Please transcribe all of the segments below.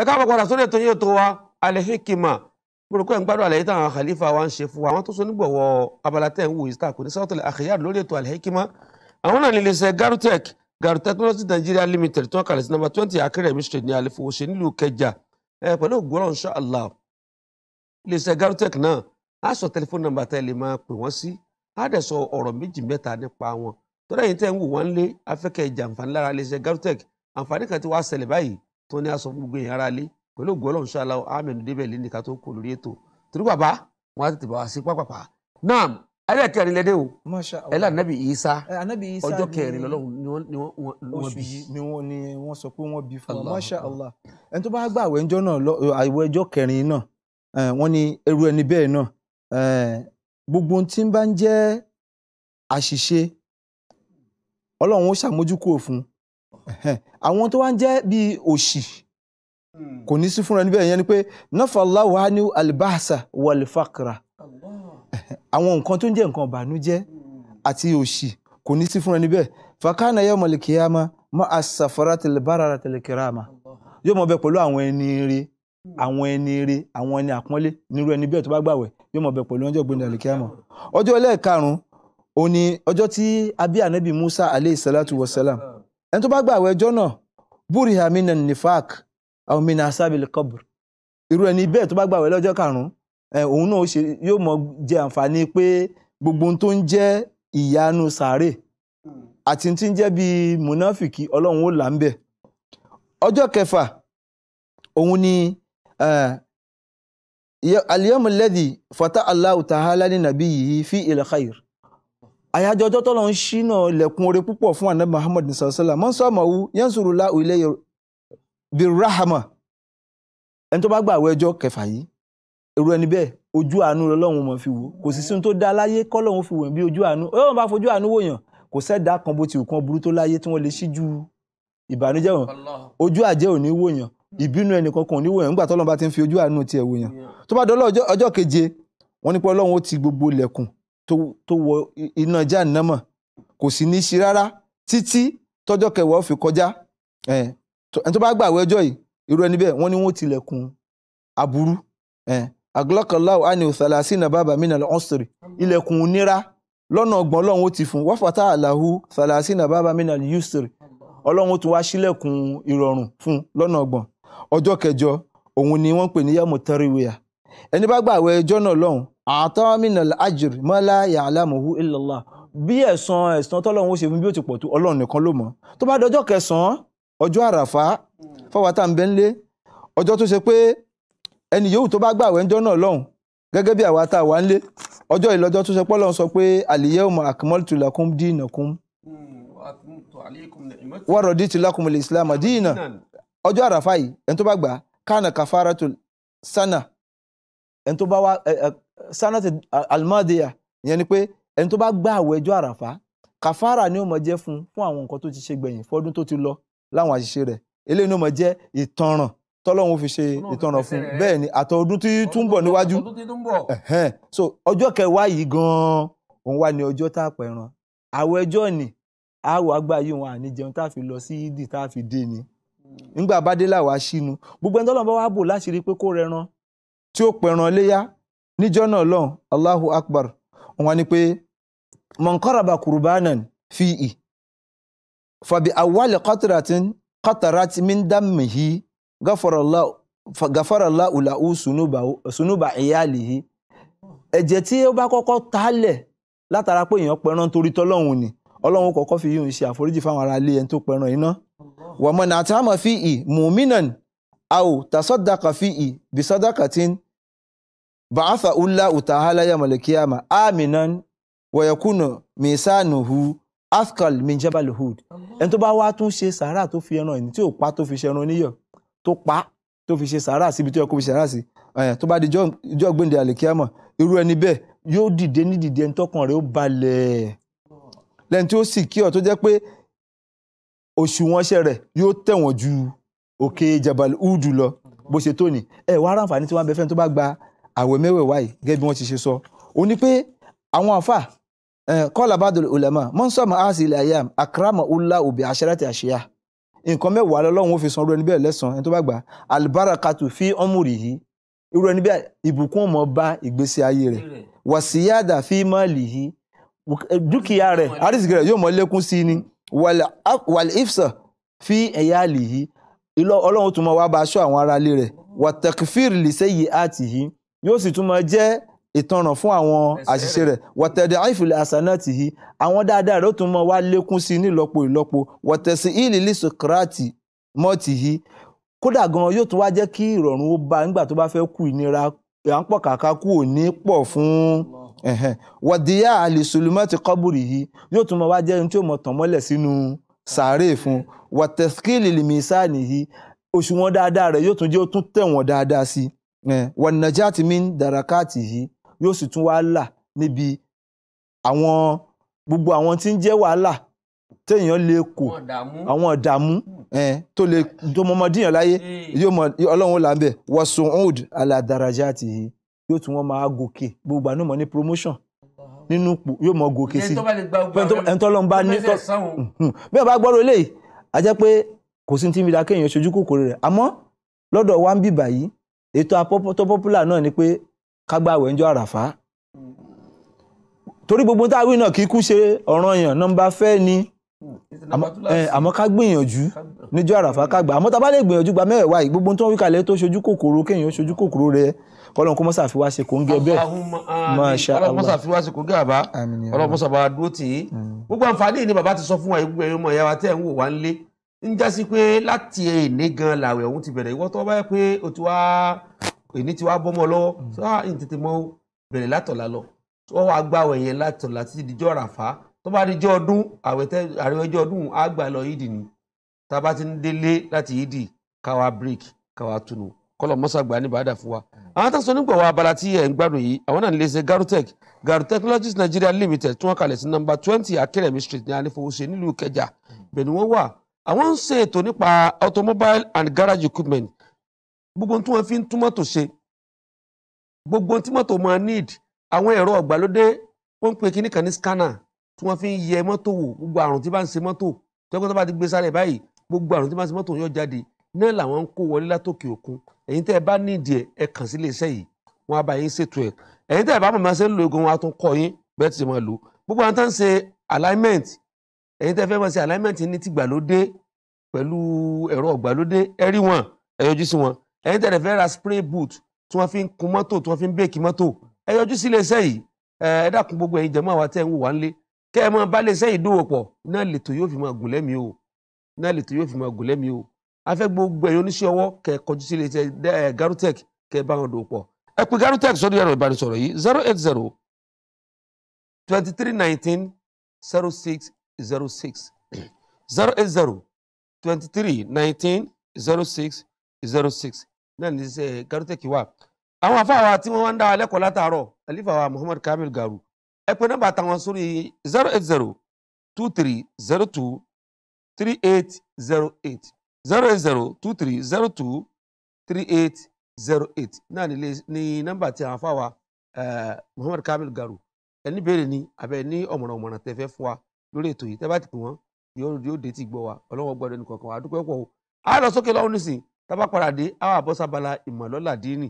ẹ káàbọ̀ padà sórí ètò yìí tó wa alehikima gbọ́dọ̀kọ́ ẹ̀ ń gbádùn àlàyé táwọn khalifa wa ń ṣe fún wa àwọn tó so nígbọ̀wọ́ abala tẹ̀ ń wò yìí sáà kò ní sáwọ́tò àkèyà lórí ètò alehikima àwọn náà nílé iṣẹ́ garutech garu technology nigeria limited tí wọ́n kàlẹ̀ sí number twenty akérèmí street ní àlefowóṣe nílùú kẹjà ẹ pẹ̀lú ògbóràn inshallah ilé iṣẹ́ garutech náà á sọ tẹlifóònù nàmbà tẹ́ lè máa pè wọ́n sí á dẹ̀ sọ ọ̀rọ̀ méjì mẹ́ta nípa wọn tọ́lá yìí tẹ́ ń wò wọ́n lé afẹ́kẹ́ ìjàǹfààní lára ilé iṣẹ́ garutech àǹfààní kan ti wá ṣẹlẹ̀ báyìí tó ní aṣọ fún gbogbo èèyàn ara lé pẹ̀lú ògùn ọlọ́run ṣáàlá amẹ́nu débẹ̀ lé nìkan tó kò lórí ètò torí bàbá wọn á tètè bá wa sí pápápá náà ayé àti àrílẹ̀dẹ̀ o ẹ lé anabi isa ọjọ́ kẹrin lọ́lọ́run ni wọ́n bí. ni wọ́n ni wọ́n sọ pé wọ́n bí fún wa masha allah ẹni tó bá gbà àwẹ̀ ẹjọ́ náà àwẹ̀ ẹjọ́ kẹrin náà wọ́n ní ẹrú ẹni bẹ́ẹ̀ náà gbogbo ohun tí ń bá ń jẹ́ àṣìṣe ọlọ́run ó ṣàmójúkúrò fún un àwọn tó wá ń jẹ́ bíi òṣì hmm. kò ní sí fúnra níbẹ̀ yẹn ni pé nafallahu anhu albahsa walfakra àwọn nǹkan tó ń jẹ́ nǹkan ìbànújẹ́ hmm. àti òṣì kò ní sí fúnra níbẹ̀ fakana yawmal qiyama ma as-safaratil bararatil kirama yóò mọ bẹ pẹ̀lú àwọn ẹni ire hmm. àwọn ẹni ire àwọn ẹni àpọ́nlé nírú ẹni bẹ́ẹ̀ tó bá gbàwẹ̀ yóò mọ bẹ pẹ̀lú ọjọ́ gbẹ̀ndẹ̀ àlìkíyàmọ̀ ọjọ́ ẹlẹ́ẹ̀karùn òní ọjọ́ tí a bí ànábì Musa aleyhisalatu wasalam ẹni tó bá gbà àwẹ̀ ọjọ́ náà búrì àmínà nifak àwọn mìíràn asábìlì irú ẹni bẹ́ẹ̀ tó bá gbà àwẹ̀ lọ́jọ́ karùn-ún òun náà yóò mọ jẹ àǹfààní pé gbogbo tó ń jẹ́ ìyanu sàárè àti tí ń jẹ́ bíi mùnáfìkì ọlọ́run ó là ń kẹfà òun ni aliyamu fata Alahu ta'ala fi ilẹ̀ àyájọ́ ọjọ́ tọ́lọ́ ń ṣínà ilẹ̀kùn oore púpọ̀ fún ànábì Muhammad sàlọ́sàlà mọ́nsọ́mọ́wú yẹ́nsùrùlá ilé birahama ẹni tó bá gbà wẹ́jọ́ kẹfà yìí èrò ẹni bẹ́ẹ̀ ojú àánú lọ́lọ́run mọ̀ fi wò kò sì sí ohun tó dá láyé kọ́lọ́run fi wò bí ojú àánú ọlọ́run bá fojú àánú wòyàn kò sẹ́dá kan bó ti wù kan burú tó láyé tí wọ́n lè ṣíjú ìbànújẹ́ wọn ojú àjẹ́ ò ní wòyàn ìbínú ẹnìkan kan ò ní wòyàn nígbà tọ́lọ́run bá ti ń fi ojú àánú tiẹ̀ wòyàn tó bá dọ́lọ́ ọjọ́ keje wọ́n ní pé ọlọ́run ó ti gbogbo ilẹ̀kùn tó wọ iná jahannama kò sì ní í ṣe rárá títí tọ́jọ́ kẹwàá fi kọjá ẹni tó bá gbàwé ọjọ́ yìí irú ẹni bẹ́ẹ̀ wọ́n ní wọ́n tilẹ̀kùn aburú aglọ́kànláwò àni òsàlàsì náà bàbá mi nàlọ́ ọ̀sẹ̀rì ilẹ̀kùn nira lọ́nà ọgbọ̀n ọlọ́run ó ti fún wáfàtà àlàhù sàlàsì náà bàbá mi nàlọ́ yusri ọlọ́run ó wá sílẹ̀kùn ìrọ̀rùn fún lọ́nà ọgbọ̀n ọjọ́ kẹjọ òun ni wọ́n pè ní yàmù ẹni bá gbààwẹ̀ ọjọ́ náà lọ́hùn àtọ́ ajir ajr mọ́lá ya'lamuhu illallah bí ẹ̀san ẹ̀san tọ́lọ́run ó ṣe fún bí ó ti pọ̀ tó ọlọ́run nìkan ló mọ̀ tó bá dọjọ́ kẹsàn-án ọjọ́ àràfá fáwọn tá à ń bẹ ńlé ọjọ́ tó ṣe pé ẹni yòówù tó bá gbààwẹ̀ ọjọ́ náà lọ́hùn gẹ́gẹ́ bí àwa tá a wà ńlé ọjọ́ ìlọ́jọ́ tó ṣe pé ọlọ́run sọ pé al-yawma akmaltu lakum dinakum wa raditu lakumul islama dina ọjọ́ àràfá yìí ẹni tó bá gbà kana kafaratul sana ẹni tó bá wá sanati almadiya ìyẹn ni pé ẹni tó bá gba àwẹ̀ ọjọ́ àràfà kàfàrà ni ó máa jẹ́ fún fún àwọn nǹkan tó ti ṣe gbẹ̀yìn fọ́dún tó ti lọ láwọn àṣìṣe rẹ̀ eléyìí ni ó máa jẹ́ ìtanràn tọ́lọ́run fi ṣe ìtanràn fún bẹ́ẹ̀ ni àtọ̀ ọdún tí tún bọ̀ níwájú so ọjọ́ kẹwàá yìí gan-an òun wà ní ọjọ́ tá a pẹ̀ ran àwẹ̀ ọjọ́ ni àwọ̀ àgbà yìí wọn àní jẹun tá a fi lọ sí ìdí tá a fi dé ni hmm. nígbà bá dé làwọn aṣínu gbogbo ẹni tọ́lọ́run bá wà bò láṣìírí pé kó rẹran tí ó pẹ̀ràn léyà níjọ́ náà lọ́n Allahu Akbar wọn ni pé mọ̀nkọ́rọ̀bà kùrùbánà fi ì fàbí àwálẹ̀ kọ́tàràtín kọ́tàràtí min dámìhì gáfàràlá ùlàú sùnúbà ìyáàlìhì ẹ̀jẹ̀ tí ó bá kọ́kọ́ tálẹ̀ látara pé èèyàn pẹran torí tọ́lọ́hun ni ọlọ́run kọ́kọ́ fi yóò ṣe àforíjì fáwọn ará ilé ẹni tó pẹran iná wàmọ̀nà àtàmọ̀ fi ì mùmínàn àwò tàsọ́dàkà fi ì bìsọ́dàkà tí ń baatha ula utahálà yà mọ̀lẹ́kíyàmà aminan wọ̀yẹ̀kùnà mẹ́sàánuhu afkal minjabal hood ẹni tó bá wá tún ṣe sàárà tó fi ẹran ẹni tí ò pa tó fi ṣe ẹran oníyọ̀ tó pa tó fi ṣe sàárà síbi tó yẹ kó fi ṣe sàárà sí tó bá di jọ́ gbèǹde àlẹ́kíyàmà irú ẹni be yóò dìde ní dìde ẹni tọkàn rẹ̀ ó balẹ̀ lẹ́ni tí ó sì kí ọ̀ tó jẹ́ pé òṣùwọ̀n ṣẹ́ rẹ̀ yóò tẹ̀wọ̀n ju òkè jabal hood lọ bó ṣe tó ní ẹ̀ wá ráǹfààní tí wọ́n á bẹ fẹ́ni tó gba àwẹ̀ mẹ́wẹ̀ẹ̀wá yìí gẹ́gẹ́ bí wọ́n ti ṣe sọ ó ní pé àwọn àfà kọ́lá bàdùn ulama mọ́nsọ́mọ́ àṣì ilẹ̀ ayé àkàràmọ̀ ọ̀la òbí àṣẹrẹ́tì àṣeyà nǹkan mẹ́wàá lọ́lọ́run ó fi san irú ẹni bẹ́ẹ̀ lẹ́sàn-án ẹni tó bá gbà albarakatu fi ọmúrì yìí irú ẹni bẹ́ẹ̀ ìbùkún ọmọ bá ìgbésí ayé rẹ̀ wàsíyáàdà fi máàlì yìí dúkìá rẹ̀ àrísìkí rẹ̀ yóò mọ lékún sí ni wàlẹ̀ ifsa fi ẹ̀yà àlì yìí ọlọ́run tún mọ wá bá aṣọ àwọn aráalé rẹ̀ wàtẹ̀kífìrì lìṣẹ́yìí àtì yìí yóò sì tún máa jẹ́ ìtanràn fún àwọn àṣìṣe rẹ̀ wọ̀tẹ̀dẹ̀ àìfìlẹ̀ àṣànà tì í àwọn dáadáa rẹ̀ ó tún máa wá lékún sí i nílọ́po ìlọ́po wọ̀tẹ̀sí ìlì lìsòkìrátì mọ́ tì í kódà gan yóò tún wá jẹ́ kí ìrọ̀rùn ó bá nígbà tó bá fẹ́ kú ìnira à ń pọ̀ kàkà kú ò ní pọ̀ fún wọ̀dìyà àlìsùlùmọ́ ti kọ́bùrì yìí yóò tún máa wá jẹ́ ohun tí ó mọ̀ tàn mọ́lẹ̀ sínú wọn nàjà tí mi ń dàrákàtì yìí yóò sì tún wàá là níbi àwọn gbogbo àwọn tí ń jẹ́ wàhálà téèyàn lè kó àwọn ọ̀dààmú tó lè tó mọmọ díyàn láyé hmm. yóò mọ ọlọ́run là ń bẹ̀ wọ́sùn old aládàrájà yìí yóò tún wọ́n máa gòkè gbogbo àná mọ̀ ní promotion nínú ipò yóò mọ gòkè sí i ẹ̀ńtọ́lọ́n bá ní tọ́ bẹ́ẹ̀ hmm, hmm. bá gbọ́dọ̀ eléyìí a pé kò sí ti ń fi da kéèyàn ṣojú kòkòrò rẹ̀ àmọ́ lọ́dọ̀ wa ń bì báyìí ètò tó popular náà ni pé kágbàwẹ̀ ń jọ àràfá torí gbogbo tá a wí náà kì í kú ṣe ọ̀ranyàn nọ́mbà fẹ́ ni àmọ́ ká gbìyànjú níjọ́ àràfá ká gbà àmọ́ tá a bá lè gbìyànjú gba mẹ́wẹ̀ẹ́wá yìí gbogbo tó ń wí kalẹ̀ tó ṣojú kòkòrò kéèyàn ṣojú kòkòrò rẹ kọlọ́n kó mọ́sà fi wá ṣe kóńgẹ́ bẹ́ẹ̀ Masha Allah ọlọ́mọ́sà fi wá ṣe kóńgẹ́ àbá ọlọ́mọ́sà bá dúró tì í mm. gbogbo àǹfààní ni bàbá ti sọ fún wa gbogbo ẹ̀yọ́ ìyá wa tẹ́ ń wò wá ń lé ń jásí pé láti èní gan làwẹ̀ òun ti bẹ̀rẹ̀ ìwọ tó bá yẹ pé o ti wá èní ti wá bọ́mọ lọ́wọ́ hmm. sọ à ah, ń tètè mọ́ bẹ̀rẹ̀ látọ̀la lọ wọ́n wá gbà àwẹ̀ yẹn látọ̀la títí dijọ́ ràfá tó bá dijọ́ ọdún àwẹ̀ tẹ àríwẹ̀ ọjọ́ ọdún á gbà lọ yídì ni tá a bá ti ń délé láti yídì káwa break káwa tunu kọlọ mọ́sá gbà ní bàdà fún wa. Hmm. àwọn tàṣọ nígbà wo abala tí ẹ̀ ń gbádùn yìí àwọn náà ń léṣe garutech garu nigeria limited tí wọ́n kalẹ̀ sí nọ́mbà twenty akérèmí street ní alẹ́fọwọ́sẹ̀ nílùú kẹjà hmm. bẹ́ẹ̀ wọ́n wà àwọn ń ṣe ètò nípa automobile and garage equipment gbogbo tí wọ́n fi ń tún mọ́tò ṣe gbogbo tí mọ́tò máa need àwọn ẹ̀rọ ọ̀gbàlódé wọ́n ń pe kíní kan ní scanner tí wọ́n fi ń yẹ mọ́tò wò gbogbo àrùn tí bá ń ṣe mọ́tò tí wọ́n bá ti gbé sálẹ̀ báyìí gbogbo àrùn tí bá ń ṣe mọ́tò yóò jáde náà làwọn ń kó wọlé látòkè òkun ẹ̀yin tẹ́ ẹ bá need ẹ̀ ẹ kàn sí iléeṣẹ́ yìí wọ́n á bá yín ṣètò ẹ̀ ẹ̀yin tẹ́ ẹ bá mọ̀ máa ṣe ń lo egun wọn á tún yín bẹ́ẹ̀ ti máa lò gbogbo àwọn tó ń ṣe alignment ẹ̀yin tẹ́ fẹ́ máa ṣe alignment ní tìgbàlódé pẹ̀lú ẹ̀rọ ọ̀gbàlódé ẹ rí wọn ẹ yọjú sí wọn ẹ̀yin tẹ́ fẹ́ ra spray boot tí wọ́n fi ń kun mọ́tò tí wọ́n fi ń bèkì mọ́tò ẹ yọjú sí iléeṣẹ́ yìí ẹ dákun gbogbo ẹ̀yin jẹ̀mọ́ àwa tẹ́ ń wò wá ńlé kẹ́ ẹ mọ bá iléeṣẹ́ yìí dòwò pọ̀ náà lètò yóò fi máa gùn lẹ́mìí o náà lètò yóò fi máa gùn lẹ́mìí o a fẹ́ gbogbo ẹ̀yin oníṣẹ́ ọwọ́ kẹ́ kọjú sí iléeṣẹ́ Garutech zero eight zero twenty three nineteen zero six zero six zero eight zero twenty three nineteen zero six zero six náà ní sẹ garutech wa àwọn afáwa tí wọn wá ń dá alẹ́kọ̀ọ́ látàárọ̀ alifawa muhammad kamil garu ẹ pé nọ́mbà táwọn sórí zero eight zero two three zero two three eight zero eight zero eight zero two three zero two three eight zero eight náà ní nọ́mbà tí àwọn afáwa eh, muhammad kamil garu ẹni béèrè ni àbẹ ní ọ̀mọ̀ràn ọ̀mọ̀ràn tẹ́fẹ́ fún wa lórí ètò yìí tẹ́ bá ti pè wọ́n yóò yóò dé tí gbọ́ wa ọlọ́wọ́ gbọ́dọ̀ ẹnì kọ̀ọ̀kan wa dúpẹ́ pọ̀ o a lọ sókè lọ́wọ́ nísìn tábà padà dé àwọn àbọ̀sábala ìmọ̀lọ́là díìnì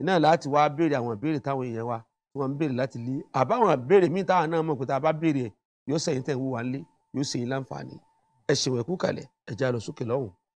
iná láti wá béèrè àwọn ìbéèrè táwọn èèyàn wa tí wọ́n ń béèrè láti lé àbáwọn béèrè míì táwọn náà mọ̀ pé tá a bá béèrè yóò sẹ̀yìn tẹ̀ ń wò wá lé yóò ṣe yín láǹfààní ẹ ṣèwẹ̀kú kalẹ̀ ẹ já lọ sókè lọ́hùn